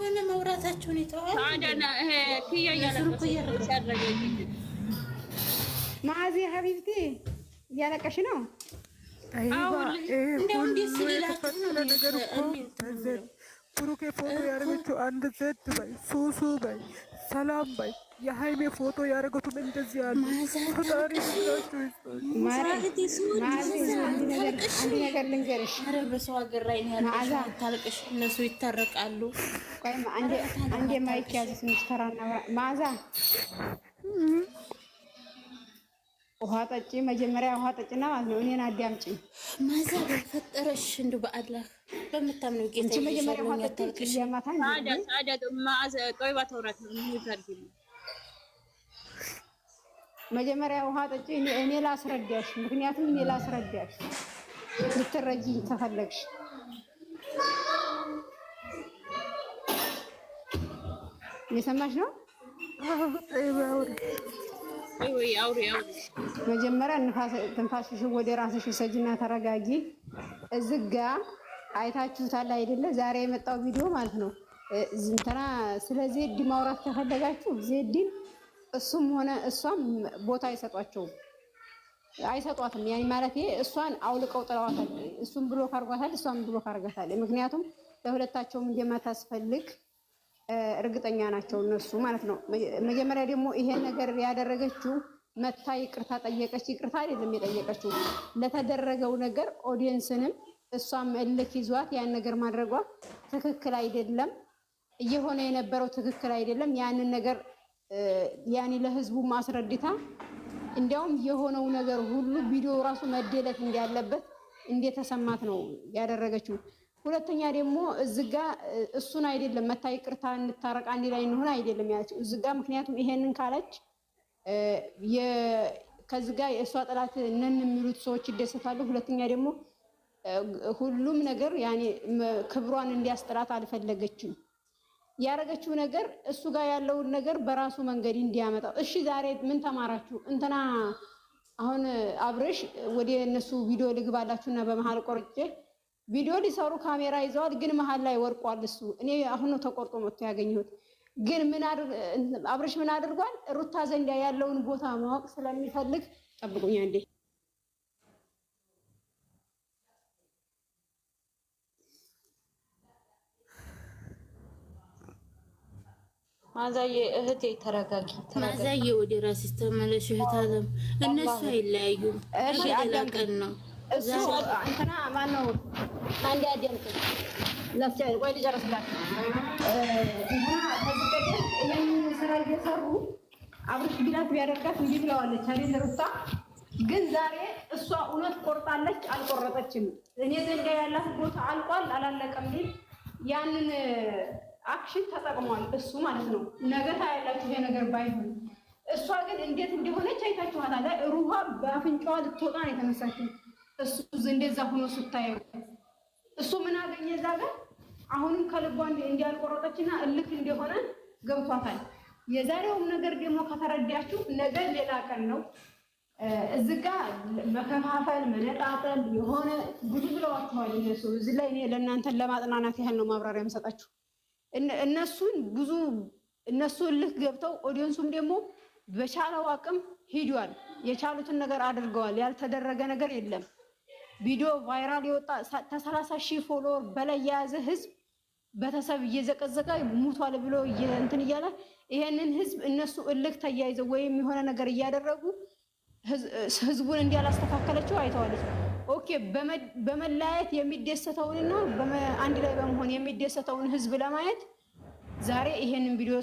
ከሆነ መውራታቸውን ይተዋል። ማዚ ሀቢብቲ እያለቀሽ ነው። ብሩኬ ፎቶ ያደረገችው አንድ ዘድ በይ ሱሱ በይ ሰላም በይ የሀይሜ ፎቶ ያደረጉትም እንደዚህ ያለ ፈጣሪ አንድ ነገር ልንገርሽ፣ በሰው ሀገር ላይ ታልቅሽ፣ እነሱ ይታረቃሉ። አንዴ ማይክ ያዘ ትንሽ ውሃ ጠጪ፣ መጀመሪያ ውሃ ጠጪና ማለት ነው። እኔን አዳምጪኝ መዓዛ በፈጠረሽ እንደው በአላህ በምታምነው ጌታ መጀመሪያ ውሃ ጠጪ። ማዛ ጦይባ ተውራት ይፈልግ መጀመሪያ ውሃ ጠጪ፣ እኔ ላስረዳሽ። ምክንያቱም እኔ ላስረዳሽ ልትረጂ ተፈለግሽ። እየሰማሽ ነው። መጀመሪያ ትንፋሽሽን ወደ ራስሽ ሰጅና ተረጋጊ። እዝጋ ጋ አይታችሁታል አይደለ? ዛሬ የመጣው ቪዲዮ ማለት ነው። ዝንተና ስለ ዜድ ማውራት ከፈለጋችሁ ዜድን እሱም ሆነ እሷም ቦታ አይሰጧቸውም፣ አይሰጧትም። ያኔ ማለት ይሄ እሷን አውልቀው ጥለዋታል። እሱም ብሎክ አድርጓታል፣ እሷም ብሎክ አድርጋታል። ምክንያቱም ለሁለታቸውም እንደማታስፈልግ እርግጠኛ ናቸው እነሱ ማለት ነው። መጀመሪያ ደግሞ ይሄን ነገር ያደረገችው መታ ይቅርታ ጠየቀች። ይቅርታ አይደለም የጠየቀችው ለተደረገው ነገር ኦዲየንስንም እሷም እልክ ይዟት ያን ነገር ማድረጓ ትክክል አይደለም። እየሆነ የነበረው ትክክል አይደለም። ያንን ነገር ያኔ ለህዝቡ ማስረድታ እንዲያውም የሆነው ነገር ሁሉ ቪዲዮ ራሱ መደለት እንዳለበት እንደተሰማት ነው ያደረገችው። ሁለተኛ ደግሞ እዚህ እሱን አይደለም መታ ይቅርታ እንታረቅ አንድ ላይ እንሆን አይደለም ያለችው እዚህ ምክንያቱም ይሄንን ካለች ከዚህ የእሷ ጠላት ነን የሚሉት ሰዎች ይደሰታሉ። ሁለተኛ ደግሞ ሁሉም ነገር ያኔ ክብሯን እንዲያስጥላት አልፈለገችም። ያደረገችው ነገር እሱ ጋር ያለውን ነገር በራሱ መንገድ እንዲያመጣው። እሺ ዛሬ ምን ተማራችሁ? እንትና አሁን አብረሽ ወደ እነሱ ቪዲዮ ልግባላችሁና በመሀል ቆርጬ ቪዲዮ ሊሰሩ ካሜራ ይዘዋል፣ ግን መሀል ላይ ወርቋል። እሱ እኔ አሁን ነው ተቆርጦ መጥቶ ያገኘሁት። ግን አብረሽ ምን አድርጓል? ሩታ ዘንድ ያለውን ቦታ ማወቅ ስለሚፈልግ ጠብቁኝ አንዴ። ማዛዬ እህቴ ተረጋጊ። ማዛዬ ወደ ራስሽ ተመለሽ እህት አለም። እነሱ አይለያዩም። እየተላቀን ነው እንትና ማነው? አንዴ አደምጥ ለፍቻ ቆይ ልጨርስላት። እንትና ከዚህ ቀደም ይህንን ስራ እየሰሩ አብርሽ ቢላት ቢያደርጋት እንጂ ብለዋለች አይደል ሩታ ግን ዛሬ እሷ እውነት ቆርጣለች አልቆረጠችም? እኔ ዘንዳ ያላት ቦታ አልቋል አላለቀም ያንን አክሽን ተጠቅሟል እሱ ማለት ነው። ነገ ታያላችሁ ይሄ ነገር ባይሆን። እሷ ግን እንዴት እንደሆነች አይታችኋታል። ሩሃ በአፍንጫዋ ልትወጣ ነው የተነሳችው። እሱ እንደዛ ሆኖ ስታየው እሱ ምን አገኘ እዛ ጋር? አሁንም ከልቧ እንዲያልቆረጠችና እልክ እንደሆነ ገብቷታል። የዛሬውም ነገር ደግሞ ከተረዳችሁ ነገ ሌላ ቀን ነው። እዚ ጋ መከፋፈል፣ መነጣጠል የሆነ ብዙ ብለዋችኋል እነሱ። እዚ ላይ እኔ ለእናንተን ለማጥናናት ያህል ነው ማብራሪያ የምሰጣችሁ። እነሱን ብዙ እነሱ እልህ ገብተው ኦዲየንሱም ደግሞ በቻለው አቅም ሂዷል። የቻሉትን ነገር አድርገዋል። ያልተደረገ ነገር የለም። ቪዲዮ ቫይራል የወጣ ከሰላሳ ሺህ ፎሎወር በላይ የያዘ ህዝብ ቤተሰብ እየዘቀዘቀ ሙቷል ብሎ እንትን እያለ ይሄንን ህዝብ እነሱ እልክ ተያይዘው ወይም የሆነ ነገር እያደረጉ ህዝቡን እንዲያላስተካከለችው አይተዋለች። ኦኬ በመለያየት የሚደሰተውንና አንድ ላይ በመሆን የሚደሰተውን ህዝብ ለማየት ዛሬ ይሄንን ቪዲዮ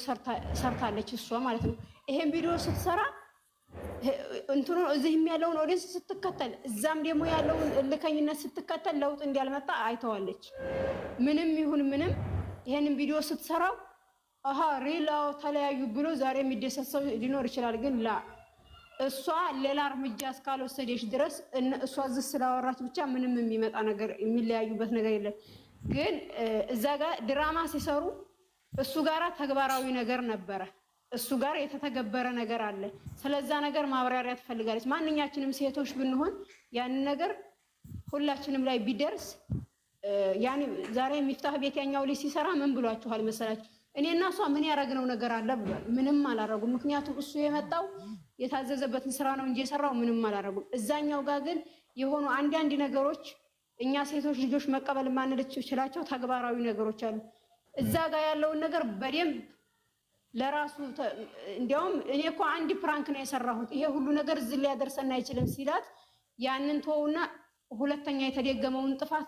ሰርታለች እሷ ማለት ነው። ይሄን ቪዲዮ ስትሰራ እንትኑ እዚህም ያለውን ኦዲንስ ስትከተል፣ እዛም ደግሞ ያለውን እልከኝነት ስትከተል ለውጥ እንዲያልመጣ አይተዋለች። ምንም ይሁን ምንም ይሄንን ቪዲዮ ስትሰራው አሃ ሪላው ተለያዩ ብሎ ዛሬ የሚደሰት ሰው ሊኖር ይችላል ግን ላ እሷ ሌላ እርምጃ እስካልወሰደች ድረስ እሷ እዚህ ስላወራች ብቻ ምንም የሚመጣ ነገር የሚለያዩበት ነገር የለም። ግን እዛ ጋር ድራማ ሲሰሩ እሱ ጋራ ተግባራዊ ነገር ነበረ፣ እሱ ጋር የተተገበረ ነገር አለ። ስለዛ ነገር ማብራሪያ ትፈልጋለች። ማንኛችንም ሴቶች ብንሆን ያንን ነገር ሁላችንም ላይ ቢደርስ ያኔ ዛሬ የሚፍታህ ቤት ያኛው ልጅ ሲሰራ ምን ብሏችኋል መሰላችሁ? እኔና እሷ ምን ያደረግነው ነገር አለ ብሏል። ምንም አላደረጉም። ምክንያቱም እሱ የመጣው የታዘዘበትን ስራ ነው እንጂ የሰራው ምንም አላደረጉም። እዛኛው ጋር ግን የሆኑ አንዳንድ ነገሮች እኛ ሴቶች ልጆች መቀበል የማንችላቸው ተግባራዊ ነገሮች አሉ። እዛ ጋር ያለውን ነገር በደንብ ለራሱ እንዲያውም እኔ እኮ አንድ ፕራንክ ነው የሰራሁት ይሄ ሁሉ ነገር እዚህ ሊያደርሰን አይችልም ሲላት ያንን ተውና ሁለተኛ የተደገመውን ጥፋት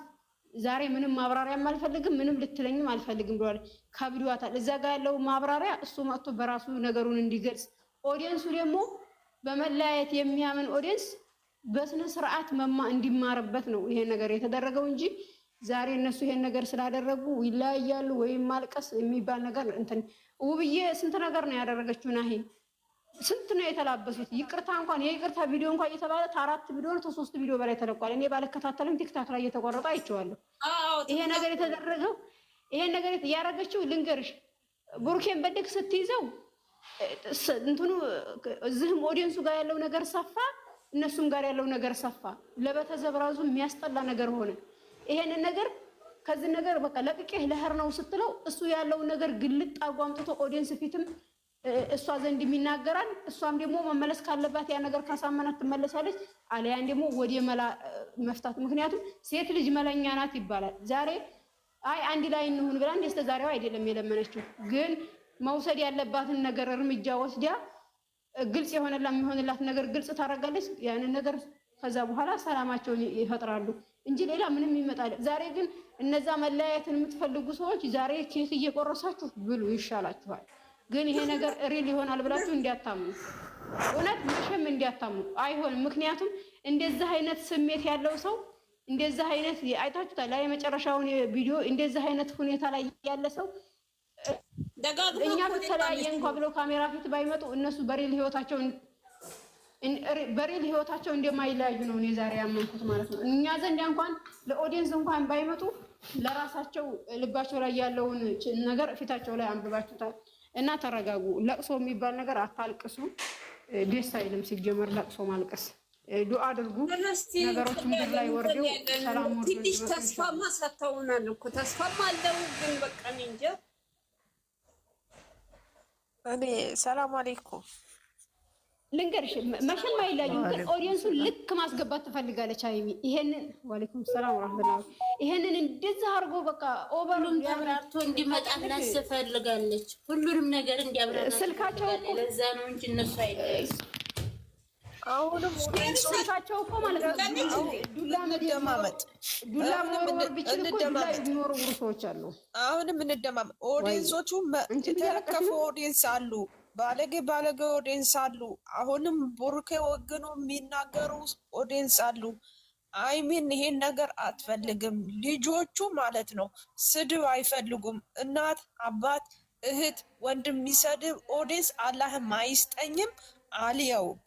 ዛሬ ምንም ማብራሪያም አልፈልግም፣ ምንም ልትለኝም አልፈልግም ብሏል። ከብዷታል። እዛ ጋር ያለው ማብራሪያ እሱ መጥቶ በራሱ ነገሩን እንዲገልጽ ኦዲየንሱ ደግሞ በመለያየት የሚያምን ኦዲየንስ በስነ ስርዓት መማ እንዲማርበት ነው ይሄ ነገር የተደረገው እንጂ ዛሬ እነሱ ይሄን ነገር ስላደረጉ ይለያያሉ ወይም ማልቀስ የሚባል ነገር እንትን ውብዬ ስንት ነገር ነው ያደረገችው። ናሂ ስንት ነው የተላበሱት። ይቅርታ እንኳን የይቅርታ ቪዲዮ እንኳን እየተባለ አራት ቪዲዮ ነው ሶስት ቪዲዮ በላይ ተለቋል። እኔ ባልከታተልም ቲክታክ ላይ እየተቆረጠ አይቼዋለሁ። ይሄ ነገር የተደረገው ይሄን ነገር ያደረገችው ልንገርሽ፣ ቡሩኬን በድግ ስትይዘው እንትኑ እዚህም ኦዲየንሱ ጋር ያለው ነገር ሰፋ፣ እነሱም ጋር ያለው ነገር ሰፋ፣ ለበተዘብራዙ የሚያስጠላ ነገር ሆነ። ይሄንን ነገር ከዚህ ነገር በቃ ለቅቄህ ለህር ነው ስትለው እሱ ያለውን ነገር ግልጥ አጓምጥቶ አምጥቶ ኦዲየንስ ፊትም እሷ ዘንድ የሚናገራል። እሷም ደግሞ መመለስ ካለባት ያ ነገር ካሳመናት ትመለሳለች፣ አልያን ደግሞ ወደ መላ መፍታት። ምክንያቱም ሴት ልጅ መለኛ ናት ይባላል። ዛሬ አይ አንድ ላይ እንሁን ብላ ዛሬው አይደለም የለመነችው ግን መውሰድ ያለባትን ነገር እርምጃ ወስዲያ ግልጽ የሚሆንላት ነገር ግልጽ ታደርጋለች። ያንን ነገር ከዛ በኋላ ሰላማቸውን ይፈጥራሉ እንጂ ሌላ ምንም ይመጣል። ዛሬ ግን እነዛ መለያየትን የምትፈልጉ ሰዎች ዛሬ ኬክ እየቆረሳችሁ ብሉ ይሻላችኋል። ግን ይሄ ነገር ሪል ይሆናል ብላችሁ እንዲያታምኑ፣ እውነት መሸም እንዲያታምኑ አይሆንም። ምክንያቱም እንደዚህ አይነት ስሜት ያለው ሰው እንደዚህ አይነት አይታችሁታል ላይ የመጨረሻውን ቪዲዮ እንደዚህ አይነት ሁኔታ ላይ ያለ ሰው እኛ በተለያየ እንኳ ብለው ካሜራ ፊት ባይመጡ እነሱ በሬል ህይወታቸው በሬል ህይወታቸው እንደማይለያዩ ነው እኔ ዛሬ ያመንኩት ማለት ነው። እኛ ዘንድ እንኳን ለኦዲየንስ እንኳን ባይመጡ ለራሳቸው ልባቸው ላይ ያለውን ነገር ፊታቸው ላይ አንብባችሁታል። እና ተረጋጉ። ለቅሶ የሚባል ነገር አታልቅሱ። ደስ አይልም ሲጀመር ለቅሶ ማልቀስ። ዱአ አድርጉ። ነገሮች ምድር ላይ ወርደው ሰላም ወርዶ ትንሽ ተስፋማ ሰጥተውናል እኮ ተስፋማ አለው ግን በቃ እንጃ እኔ ሰላም አለይኩም ልንገርሽ፣ መቼም አይለዩም፣ ግን ኦዲየንሱን ልክ ማስገባት ትፈልጋለች ሀይሚ። ይሄንን ዋሌኩም ሰላም ረመላ ይሄንን እንደዚህ አድርጎ በቃ ኦቨሩን አብራርቶ እንዲመጣ እናስፈልጋለች። ሁሉንም ነገር እንዲያብራራ ስልካቸው ለዛ ነው እንጂ እነሱ አይለዩ አሁንም ሳቸው እኮ ማለት ነው አሉ። እንደማመጥ ኦዲየንሶቹ የተረከፉ ኦዲየንስ አሉ፣ ባለጌ ባለጌ ኦዲየንስ አሉ። አሁንም ቡርኬ ወግኑ የሚናገሩ ኦዲየንስ አሉ። አይሚን ይሄን ነገር አትፈልግም። ልጆቹ ማለት ነው ስድብ አይፈልጉም። እናት አባት፣ እህት፣ ወንድም የሚሰድብ ኦዲየንስ አላህም አይስጠኝም አልየውም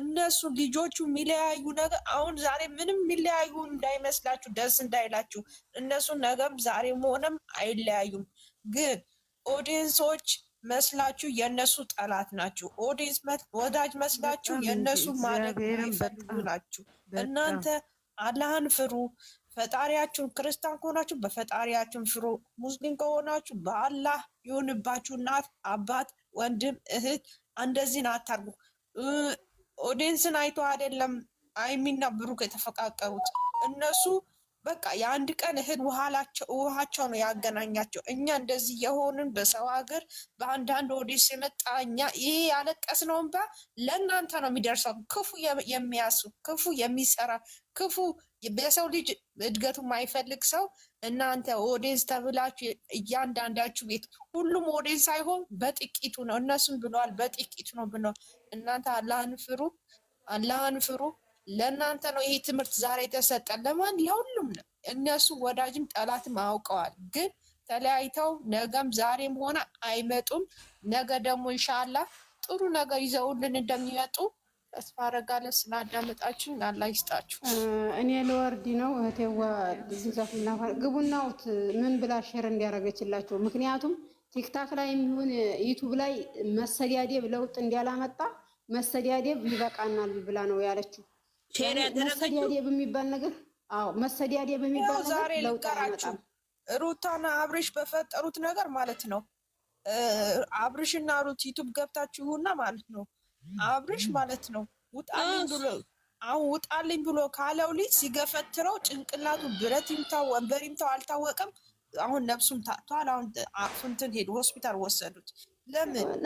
እነሱ ልጆቹ የሚለያዩ ነገር አሁን ዛሬ ምንም የሚለያዩ እንዳይመስላችሁ ደስ እንዳይላችሁ፣ እነሱ ነገም ዛሬም ሆነም አይለያዩም። ግን ኦዲየንሶች መስላችሁ የእነሱ ጠላት ናችሁ። ኦዲየንስ ወዳጅ መስላችሁ የእነሱ ማድረግ የሚፈልጉ ናችሁ። እናንተ አላህን ፍሩ፣ ፈጣሪያችሁን። ክርስቲያን ከሆናችሁ በፈጣሪያችሁን ፍሩ። ሙስሊም ከሆናችሁ በአላህ ይሁንባችሁ። እናት፣ አባት፣ ወንድም፣ እህት እንደዚህን አታርጉ። ኦዲንስን አይቶ አይደለም አይሚና ብሩክ የተፈቃቀሩት እነሱ በቃ የአንድ ቀን እህል ውሃቸው ነው ያገናኛቸው። እኛ እንደዚህ የሆንን በሰው ሀገር በአንዳንድ ኦዲየንስ የመጣ እኛ ይሄ ያለቀስነው እንባ ለእናንተ ነው የሚደርሰው። ክፉ የሚያስ ክፉ የሚሰራ ክፉ በሰው ልጅ እድገቱ የማይፈልግ ሰው እናንተ ኦዲንስ ተብላችሁ እያንዳንዳችሁ ቤት ሁሉም ኦዲየንስ አይሆን በጥቂቱ ነው እነሱም ብለዋል፣ በጥቂቱ ነው ብለዋል። እናንተ አላህን ፍሩ፣ አላህን ፍሩ። ለእናንተ ነው ይሄ ትምህርት ዛሬ የተሰጠ። ለማን ለሁሉም ነው። እነሱ ወዳጅም ጠላትም አውቀዋል። ግን ተለያይተው ነገም ዛሬም ሆነ አይመጡም። ነገ ደግሞ እንሻላ ጥሩ ነገር ይዘውልን እንደሚመጡ ተስፋ አደርጋለሁ። ስላዳመጣችሁ አላህ ይስጣችሁ። እኔ ልወርድ ነው። እህቴዋ ዛፍና ግቡና ግቡናውት ምን ብላ ሼር እንዲያደርገችላቸው ምክንያቱም ቲክታክ ላይ የሚሆን ዩቱብ ላይ መሰዳደብ ለውጥ እንዲያላመጣ መሰዳደብ ይበቃናል ብላ ነው ያለችው። መሰዳደብ የሚባል ነገር አዎ፣ መሰዳደብ የሚባል ዛሬ ልቀራችሁ ሩታና አብሬሽ በፈጠሩት ነገር ማለት ነው። አብሬሽና ሩት ዩቱብ ገብታችሁና ማለት ነው አብሬሽ ማለት ነው ውጣልኝ ብሎ አሁን ውጣልኝ ብሎ ካለው ልጅ ሲገፈትረው ጭንቅላቱ ብረት ይምታው ወንበር ይምታው አልታወቀም። አሁን ነብሱም ታጥቷል። አሁን አፍንትን ሄዱ ሆስፒታል ወሰዱት።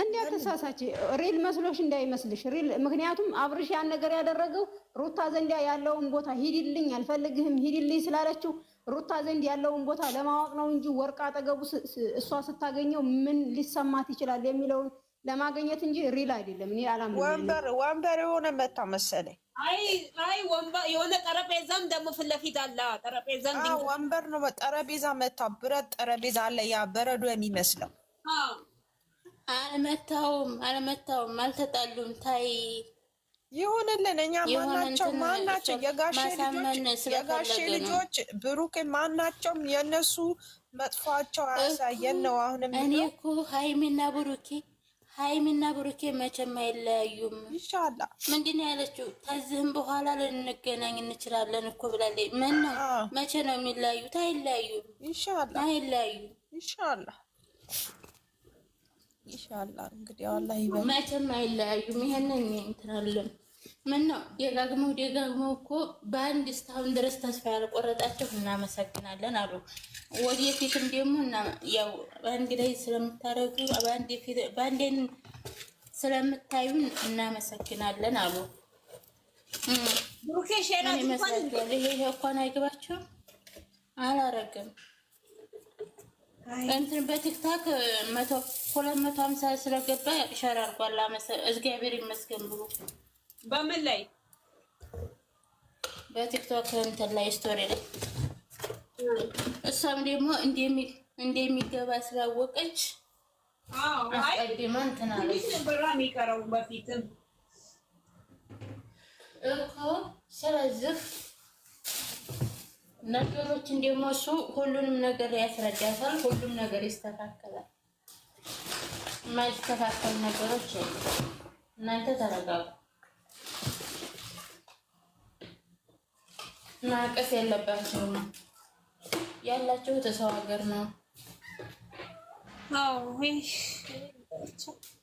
እንዳትሳሳች ሪል መስሎሽ እንዳይመስልሽ ሪል። ምክንያቱም አብርሽ ያን ነገር ያደረገው ሩታ ዘንድ ያለውን ቦታ ሂድልኝ፣ አልፈልግህም ሂድልኝ ስላለችው ሩታ ዘንድ ያለውን ቦታ ለማወቅ ነው እንጂ ወርቅ አጠገቡ እሷ ስታገኘው ምን ሊሰማት ይችላል የሚለውን ለማግኘት እንጂ ሪል አይደለም። እኔ አላምንም። ወንበር ወንበር የሆነ መታ መሰለኝ። አይ አይ ወንበር የሆነ ጠረጴዛም ደግሞ ፊት ለፊት አለ። ጠረጴዛም ወንበር ነው ጠረጴዛ መታ ብረት ጠረጴዛ አለ ያ በረዶ የሚመስለው አልመታውም አልመታውም አልተጣሉም። ታይ ይሁንልን። እኛ ማናቸው ማናቸው የጋሼ ልጆች ብሩክ ማናቸውም የእነሱ መጥፏቸው አያሳየን ነው። አሁንም እኔ እኮ ሀይሚና ብሩኬ ሀይሚና ብሩኬ መቼም አይለያዩም። ይሻላ ምንድን ያለችው ከዚህም በኋላ ልንገናኝ እንችላለን እኮ ብላለ። ምን ነው መቼ ነው የሚለያዩት? አይለያዩም። ይሻላ አይለያዩም። ይሻላ ኢንሻአላህ እንግዲህ አላህ ይበል። መቼም አይለያዩም። ይሄንን እንትናለን ምን ነው ደጋግመው ደጋግመው እኮ በአንድ እስካሁን ድረስ ተስፋ ያልቆረጣቸው እናመሰግናለን አሉ። ወደፊትም ደግሞ ያው በአንድ ላይ ስለምታረጉ በአንድ ስለምታዩን እናመሰግናለን አሉ። ብሩኬ ሸራ ይመስላል። ይሄ እኮ አይገባቸውም አላረግም እንትን በቲክታክ መቶ ሁለት መቶ ሀምሳ ስለገባ ሸር አድርጓል። እግዚአብሔር ይመስገን ብሎ በምን ላይ በቲክቶክ እንትን ላይ ስቶሪ ላይ እሷም ደግሞ እንደሚገባ ስላወቀች አስቀድማ እንትን አለች። በፊትም እኮ ስለዚህ ነገሮችን ደግሞ እሱ ሁሉንም ነገር ያስረዳታል። ሁሉም ነገር ይስተካከላል። የማይስተካከል ነገሮች እናንተ ተረጋጉ። ማቀስ የለባቸው ነው ያላቸው ተሰው ሀገር ነው።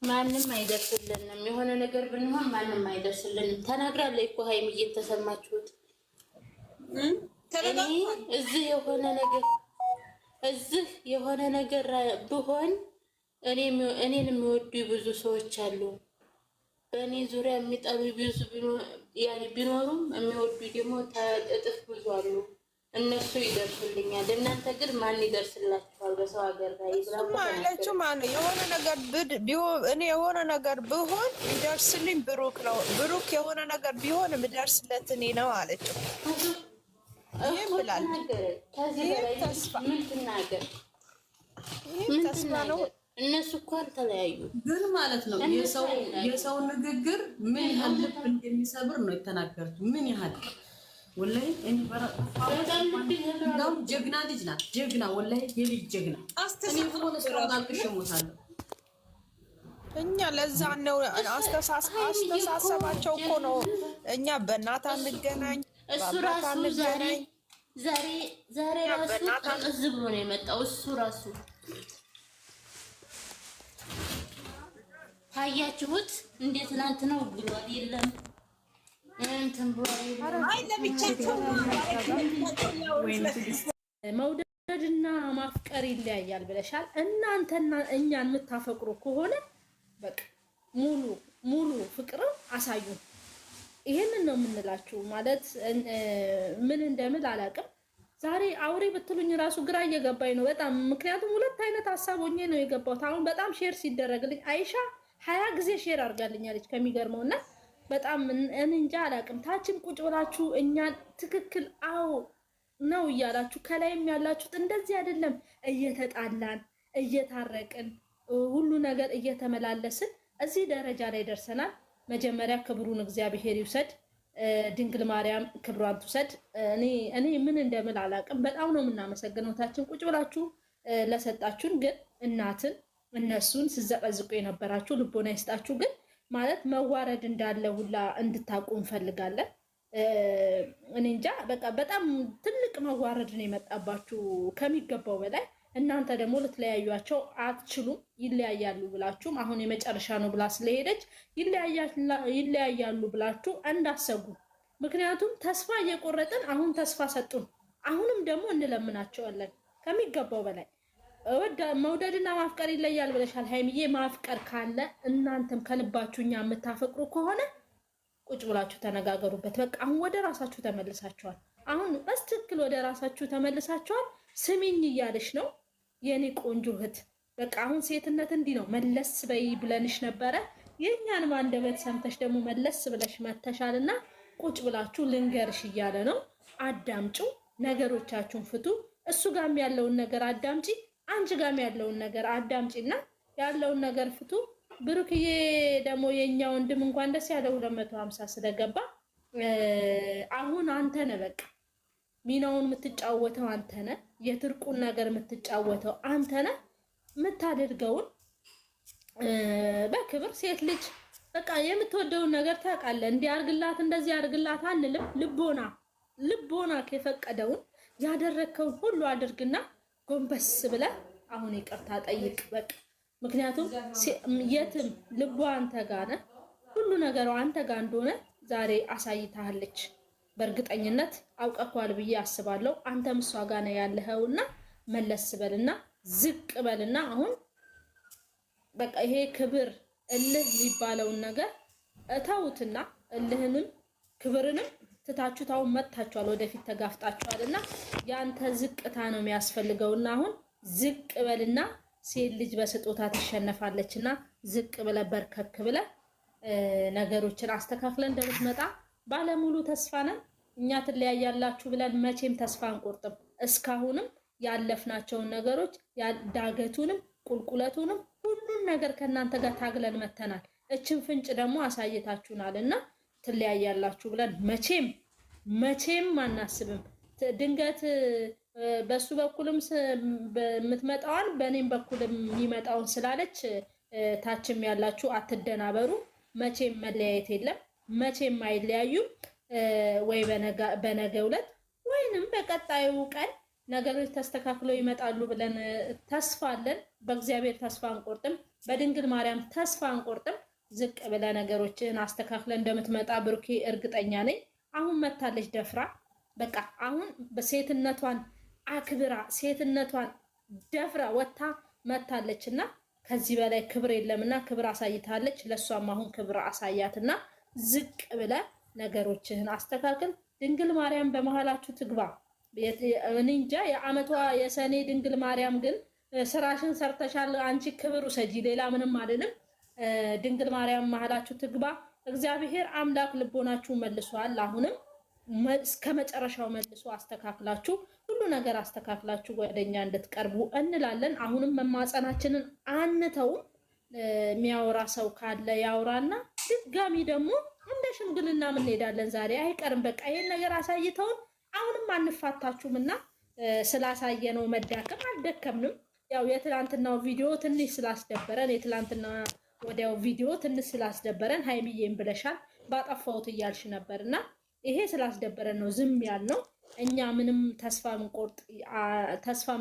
ማንም አይደርስልንም። የሆነ ነገር ብንሆን ማንም አይደርስልንም። ተናግራለች እኮ ሀይሚዬ ተሰማችሁት? እዚህ የሆነ ነገር እዚህ የሆነ ነገር ብሆን እኔን የሚወዱ ብዙ ሰዎች አሉ። በእኔ ዙሪያ የሚጠሉ ብዙ ቢኖሩም የሚወዱ ደግሞ እጥፍ ብዙ አሉ። እነሱ ይደርሱልኛል። እናንተ ግን ማን ይደርስላችኋል? በሰው ሀገር ላይ ማለች ማነው የሆነ ነገር እኔ የሆነ ነገር ብሆን ይደርስልኝ ብሩክ ነው። ብሩክ የሆነ ነገር ቢሆን የምደርስለት እኔ ነው አለችው። ይህ ነው። እነሱ እኮ ግን ማለት ነው። የሰው ንግግር ምን ያህል ልብ እንደሚሰብር ነው የተናገሩት። ምን ያህል ወላሂ ጀግና ልጅ ናት። ጀግና ወላሂ የልጅ ጀግና ሆነስሞታለሁ። እኛ ለዛ ነው አስተሳሰባቸው እኮ ነው እኛ በእናታ እንገናኝ እሱ ራሱ ዛሬ ዛሬ ዛሬ ራሱ ቀዝ ብሎ ነው የመጣው። እሱ ራሱ ታያችሁት እንደ ትናንት ነው ብሏል። የለም እንትን መውደድና ማፍቀር ይለያያል ብለሻል። እናንተና እኛን የምታፈቅሩ ከሆነ በቃ ሙሉ ሙሉ ፍቅርም አሳዩን። ይሄንን ነው የምንላችሁ። ማለት ምን እንደምል አላውቅም። ዛሬ አውሬ ብትሉኝ ራሱ ግራ እየገባኝ ነው በጣም ምክንያቱም ሁለት አይነት ሀሳብ ሆኜ ነው የገባሁት። አሁን በጣም ሼር ሲደረግልኝ አይሻ ሀያ ጊዜ ሼር አድርጋልኛለች ከሚገርመው እና በጣም እንጃ አላውቅም። ታችም ቁጭ ብላችሁ እኛን ትክክል አዎ ነው እያላችሁ ከላይም ያላችሁት እንደዚህ አይደለም እየተጣላን እየታረቅን ሁሉ ነገር እየተመላለስን እዚህ ደረጃ ላይ ደርሰናል። መጀመሪያ ክብሩን እግዚአብሔር ይውሰድ፣ ድንግል ማርያም ክብሯን ትውሰድ። እኔ ምን እንደምል አላውቅም። በጣም ነው የምናመሰግነታችን ቁጭ ብላችሁ ለሰጣችሁን፣ ግን እናትን እነሱን ስዘቀዝቁ የነበራችሁ ልቦና ይስጣችሁ። ግን ማለት መዋረድ እንዳለ ሁላ እንድታውቁ እንፈልጋለን። እኔ እንጃ በቃ በጣም ትልቅ መዋረድ ነው የመጣባችሁ ከሚገባው በላይ እናንተ ደግሞ ልትለያዩቸው አትችሉም። ይለያያሉ ብላችሁም አሁን የመጨረሻ ነው ብላ ስለሄደች ይለያያሉ ብላችሁ እንዳሰጉ። ምክንያቱም ተስፋ እየቆረጥን አሁን ተስፋ ሰጡን፣ አሁንም ደግሞ እንለምናቸዋለን ከሚገባው በላይ መውደድና ማፍቀር ይለያል ብለሻል ሀይሚዬ። ማፍቀር ካለ እናንተም ከልባችሁ እኛ የምታፈቅሩ ከሆነ ቁጭ ብላችሁ ተነጋገሩበት። በቃ አሁን ወደ ራሳችሁ ተመልሳችኋል። አሁን በስትክክል ወደ ራሳችሁ ተመልሳችኋል። ስሚኝ እያለች ነው የእኔ ቆንጆ እህት በቃ አሁን ሴትነት እንዲህ ነው። መለስ በይ ብለንሽ ነበረ። የእኛንም አንደበት ሰምተሽ ደግሞ መለስ ብለሽ መተሻል እና ቁጭ ብላችሁ ልንገርሽ እያለ ነው። አዳምጩ፣ ነገሮቻችሁን ፍቱ። እሱ ጋም ያለውን ነገር አዳምጪ፣ አንቺ ጋም ያለውን ነገር አዳምጪና ያለውን ነገር ፍቱ። ብሩክዬ ደግሞ የእኛ ወንድም እንኳን ደስ ያለ ሁለት መቶ ሀምሳ ስለገባ አሁን አንተ ነህ በቃ ሚናውን የምትጫወተው አንተ ነህ። የትርቁን ነገር የምትጫወተው አንተ ነህ። የምታደርገውን በክብር ሴት ልጅ በቃ የምትወደውን ነገር ታውቃለህ። እንዲህ አድርግላት፣ እንደዚህ አድርግላት አንልም። ልቦና ልቦና የፈቀደውን ያደረግከውን ሁሉ አድርግና ጎንበስ ብለህ አሁን ይቅርታ ጠይቅ በቃ። ምክንያቱም የትም ልቦ አንተ ጋር ነህ፣ ሁሉ ነገሯ አንተ ጋር እንደሆነ ዛሬ አሳይታለች። በእርግጠኝነት አውቀኳል ብዬ አስባለሁ። አንተም እሷ ጋር ነው ያለኸውና መለስ በልና ዝቅ በልና አሁን በቃ ይሄ ክብር እልህ የሚባለውን ነገር እታውትና እልህንም ክብርንም ትታችሁ አሁን መጥታችኋል፣ ወደፊት ተጋፍጣችኋል። እና የአንተ ዝቅታ ነው የሚያስፈልገውና አሁን ዝቅ በልና ሴት ልጅ በስጦታ ትሸነፋለች እና ዝቅ ብለ በርከክ ብለ ነገሮችን አስተካክለን እንደምትመጣ ባለሙሉ ተስፋ ነን። እኛ ትለያያላችሁ ብለን መቼም ተስፋ አንቆርጥም። እስካሁንም ያለፍናቸውን ነገሮች ዳገቱንም፣ ቁልቁለቱንም ሁሉን ነገር ከእናንተ ጋር ታግለን መተናል። እችን ፍንጭ ደግሞ አሳይታችሁናል እና ትለያያላችሁ ብለን መቼም መቼም አናስብም። ድንገት በሱ በኩልም የምትመጣዋን በእኔም በኩል የሚመጣውን ስላለች ታችም ያላችሁ አትደናበሩ። መቼም መለያየት የለም። መቼም አይለያዩም። ወይ በነገ ዕለት ወይንም በቀጣዩ ቀን ነገሮች ተስተካክለው ይመጣሉ ብለን ተስፋ አለን። በእግዚአብሔር ተስፋ አንቆርጥም፣ በድንግል ማርያም ተስፋ አንቆርጥም። ዝቅ ብለ ነገሮችን አስተካክለ እንደምትመጣ ብሩኬ እርግጠኛ ነኝ። አሁን መታለች ደፍራ በቃ አሁን በሴትነቷን አክብራ ሴትነቷን ደፍራ ወታ መታለች እና ከዚህ በላይ ክብር የለምና ክብር አሳይታለች። ለእሷም አሁን ክብር አሳያትና ዝቅ ብለ ነገሮችህን አስተካክል። ድንግል ማርያም በመሀላችሁ ትግባ። እንጃ የአመቷ የሰኔ ድንግል ማርያም ግን ስራሽን ሰርተሻል። አንቺ ክብር ውሰጂ። ሌላ ምንም አይደለም። ድንግል ማርያም መሃላችሁ ትግባ። እግዚአብሔር አምላክ ልቦናችሁ መልሷል። አሁንም እስከ መጨረሻው መልሶ አስተካክላችሁ ሁሉ ነገር አስተካክላችሁ ወደኛ እንድትቀርቡ እንላለን። አሁንም መማፀናችንን አንተውም። የሚያወራ ሰው ካለ ያውራና ድጋሚ ደግሞ እንደ ሽምግልና እንሄዳለን ዛሬ አይቀርም። በቃ ይሄን ነገር አሳይተውን አሁንም አንፋታችሁም እና ስላሳየ ነው መዳከም አልደከምንም። ያው የትላንትናው ቪዲዮ ትንሽ ስላስደበረን የትላንትና ወዲያው ቪዲዮ ትንሽ ስላስደበረን ሀይሚዬም ብለሻል ባጠፋሁት እያልሽ ነበር እና ይሄ ስላስደበረን ነው ዝም ያልነው። እኛ ምንም ተስፋ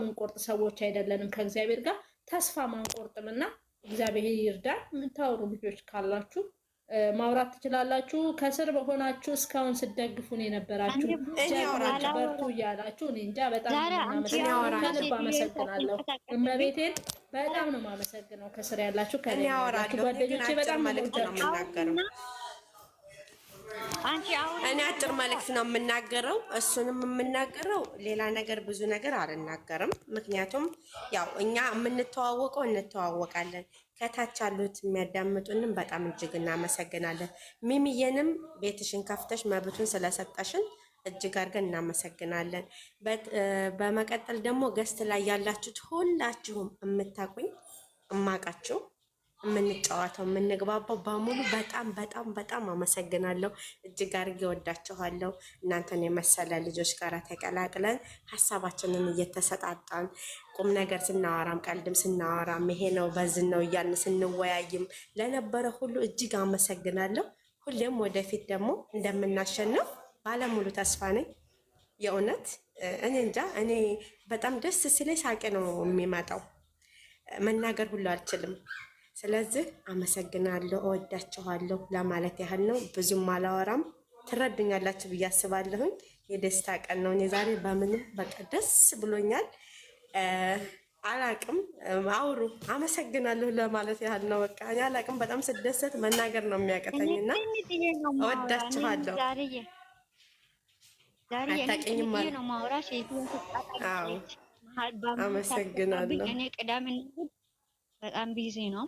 ምንቆርጥ ሰዎች አይደለንም። ከእግዚአብሔር ጋር ተስፋ ማንቆርጥም እና እግዚአብሔር ይርዳል የምታወሩ ልጆች ካላችሁ ማውራት ትችላላችሁ። ከስር በሆናችሁ እስካሁን ስደግፉን የነበራችሁ በርቱ እያላችሁ እኔ እንጃ በጣም ከልብ አመሰግናለሁ። እመቤቴን በጣም ነው የማመሰግነው። ከስር ያላችሁ ከላችሁ ጓደኞቼ በጣም እኔ አጭር መልእክት ነው የምናገረው። እሱንም የምናገረው ሌላ ነገር ብዙ ነገር አልናገርም። ምክንያቱም ያው እኛ የምንተዋወቀው እንተዋወቃለን ከታች ያሉት የሚያዳምጡንም በጣም እጅግ እናመሰግናለን። ሚሚየንም ቤትሽን ከፍተሽ መብቱን ስለሰጠሽን እጅግ አድርገን እናመሰግናለን። በመቀጠል ደግሞ ገስት ላይ ያላችሁት ሁላችሁም የምታቁኝ እማቃችሁ የምንጫወተው የምንግባባው በሙሉ በጣም በጣም በጣም አመሰግናለሁ። እጅግ አድርጌ ወዳችኋለሁ። እናንተን የመሰለ ልጆች ጋር ተቀላቅለን ሀሳባችንን እየተሰጣጣን ቁም ነገር ስናወራም ቀልድም ስናወራም ይሄ ነው በዝን ነው እያልን ስንወያይም ለነበረ ሁሉ እጅግ አመሰግናለሁ። ሁሌም ወደፊት ደግሞ እንደምናሸነው ባለሙሉ ተስፋ ነኝ። የእውነት እኔ እንጃ እኔ በጣም ደስ ሲለኝ ሳቄ ነው የሚመጣው። መናገር ሁሉ አልችልም። ስለዚህ አመሰግናለሁ፣ እወዳችኋለሁ ለማለት ያህል ነው። ብዙም አላወራም፣ ትረዱኛላችሁ ብዬ አስባለሁኝ። የደስታ ቀን ነው። እኔ ዛሬ በምንም በቃ ደስ ብሎኛል። አላቅም፣ አውሩ። አመሰግናለሁ ለማለት ያህል ነው። በቃ እኔ አላቅም፣ በጣም ስደሰት መናገር ነው የሚያቀተኝና እወዳችኋለሁ። አታውቂኝም ማለት አመሰግናለሁ። በጣም ቢዚ ነው።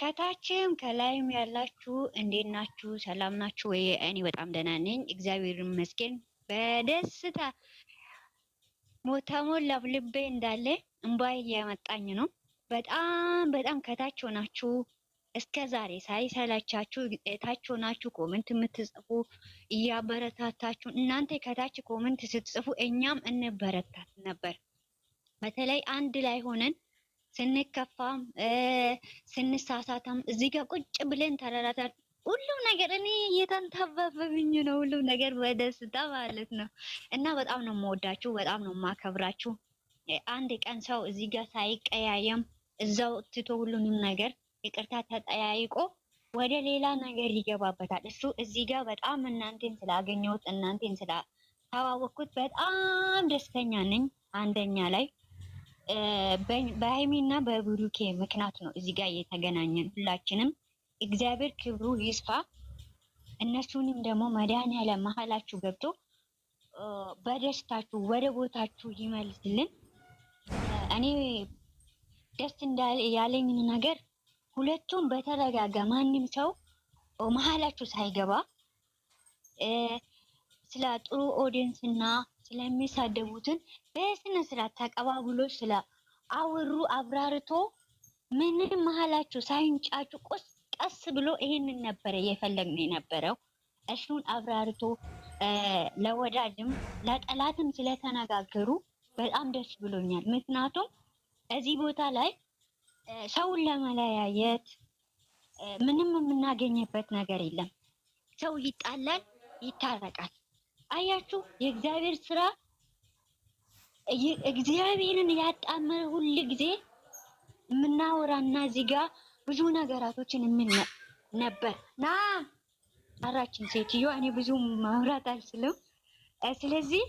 ከታችም ከላይም ያላችሁ እንዴት ናችሁ? ሰላም ናችሁ ወይ? እኔ በጣም ደህና ነኝ፣ እግዚአብሔር ይመስገን። በደስታ ሞተሞላ ልቤ እንዳለ እንባ እያመጣኝ ነው። በጣም በጣም ከታች ሆናችሁ እስከ ዛሬ ሳይሰለቻችሁ ታች ሆናችሁ ኮመንት የምትጽፉ እያበረታታችሁ፣ እናንተ ከታች ኮመንት ስትጽፉ እኛም እንበረታት ነበር። በተለይ አንድ ላይ ሆነን ስንከፋም ስንሳሳታም እዚህ ጋር ቁጭ ብለን ተረራታል። ሁሉም ነገር እኔ እየተንተባበብኝ ነው፣ ሁሉም ነገር በደስታ ማለት ነው። እና በጣም ነው የምወዳችሁ፣ በጣም ነው የማከብራችሁ። አንድ ቀን ሰው እዚህ ጋር ሳይቀያየም እዛው ትቶ ሁሉንም ነገር ይቅርታ ተጠያይቆ ወደ ሌላ ነገር ይገባበታል። እሱ እዚህ ጋር በጣም እናንተን ስላገኘሁት እናንተን ስላተዋወቅኩት በጣም ደስተኛ ነኝ። አንደኛ ላይ በሀይሚና በብሩኬ ምክንያት ነው እዚህ ጋር እየተገናኘን። ሁላችንም እግዚአብሔር ክብሩ ይስፋ። እነሱንም ደግሞ መድኃኒዓለም መሀላችሁ ገብቶ በደስታችሁ ወደ ቦታችሁ ይመልስልን። እኔ ደስ እንዳለ ያለኝን ነገር ሁለቱም በተረጋጋ ማንም ሰው መሀላችሁ ሳይገባ ስለ ጥሩ ኦዲየንስ እና ስለሚሳደቡትን በስነ ስርዓት ተቀባብሎ ስለ አወሩ አብራርቶ ምንም መሀላቸው ሳይንጫጩ ቁስ ቀስ ብሎ ይሄንን ነበረ የፈለግን የነበረው። እሱን አብራርቶ ለወዳጅም ለጠላትም ስለተነጋገሩ በጣም ደስ ብሎኛል። ምክንያቱም እዚህ ቦታ ላይ ሰውን ለመለያየት ምንም የምናገኝበት ነገር የለም። ሰው ይጣላል፣ ይታረቃል። አያችሁ የእግዚአብሔር ስራ እግዚአብሔርን ያጣመረ ሁል ጊዜ የምናወራና እዚህ ጋር ብዙ ነገራቶችን የምን ነበር ና አራችን ሴትዮ እኔ ብዙ ማውራት አልችልም። ስለዚህ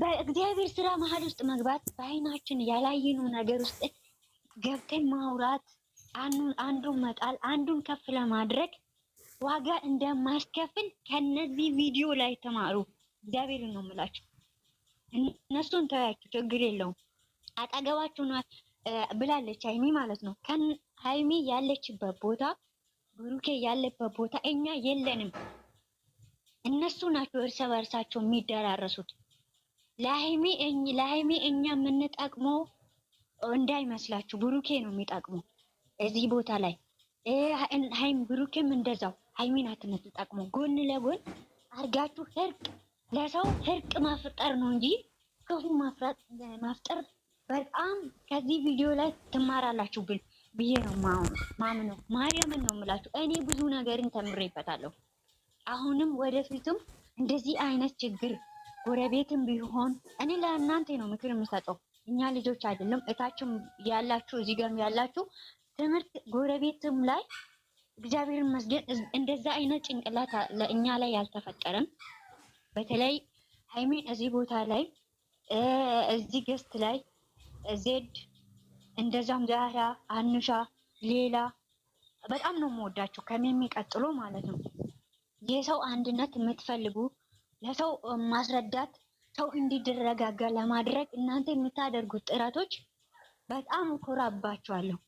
በእግዚአብሔር ስራ መሀል ውስጥ መግባት በአይናችን ያላየነው ነገር ውስጥ ገብተን ማውራት አንዱን መጣል አንዱን ከፍ ለማድረግ ዋጋ እንደማስከፍል ከነዚህ ቪዲዮ ላይ ተማሩ። እግዚአብሔር ነው የምላችሁ። እነሱን ተያችሁ፣ ችግር የለውም አጠገባችሁ ብላለች ሀይሚ ማለት ነው። ሀይሚ ያለችበት ቦታ ብሩኬ ያለበት ቦታ እኛ የለንም። እነሱ ናቸው እርስ በርሳቸው የሚደራረሱት። ለሀይሚ ለሀይሚ እኛ የምንጠቅመው እንዳይመስላችሁ ብሩኬ ነው የሚጠቅመው እዚህ ቦታ ላይ። ይሄ ብሩኬም እንደዛው ሀይሚን አትጠቅሙ። ጎን ለጎን አድርጋችሁ እርቅ ለሰው እርቅ ማፍጠር ነው እንጂ ክፉ ማፍጠር በጣም ከዚህ ቪዲዮ ላይ ትማራላችሁ ብል ብዬ ነው ማምነው። ማርያምን ነው የምላችሁ። እኔ ብዙ ነገርን ተምሬበታለሁ። አሁንም ወደፊትም እንደዚህ አይነት ችግር ጎረቤትም ቢሆን እኔ ለእናንተ ነው ምክር የምሰጠው። እኛ ልጆች አይደለም እታችም ያላችሁ እዚህ ጋርም ያላችሁ ትምህርት ጎረቤትም ላይ እግዚአብሔር ይመስገን እንደዛ አይነት ጭንቅላት ለእኛ ላይ አልተፈጠረም። በተለይ ሃይሚን እዚህ ቦታ ላይ እዚህ ገስት ላይ ዜድ እንደዛም ዛህራ አንሻ ሌላ በጣም ነው የምወዳችሁ ከሚሚ ቀጥሎ ማለት ነው። የሰው አንድነት የምትፈልጉ ለሰው ማስረዳት ሰው እንዲረጋጋ ለማድረግ እናንተ የምታደርጉት ጥረቶች በጣም እኮራባችኋለሁ።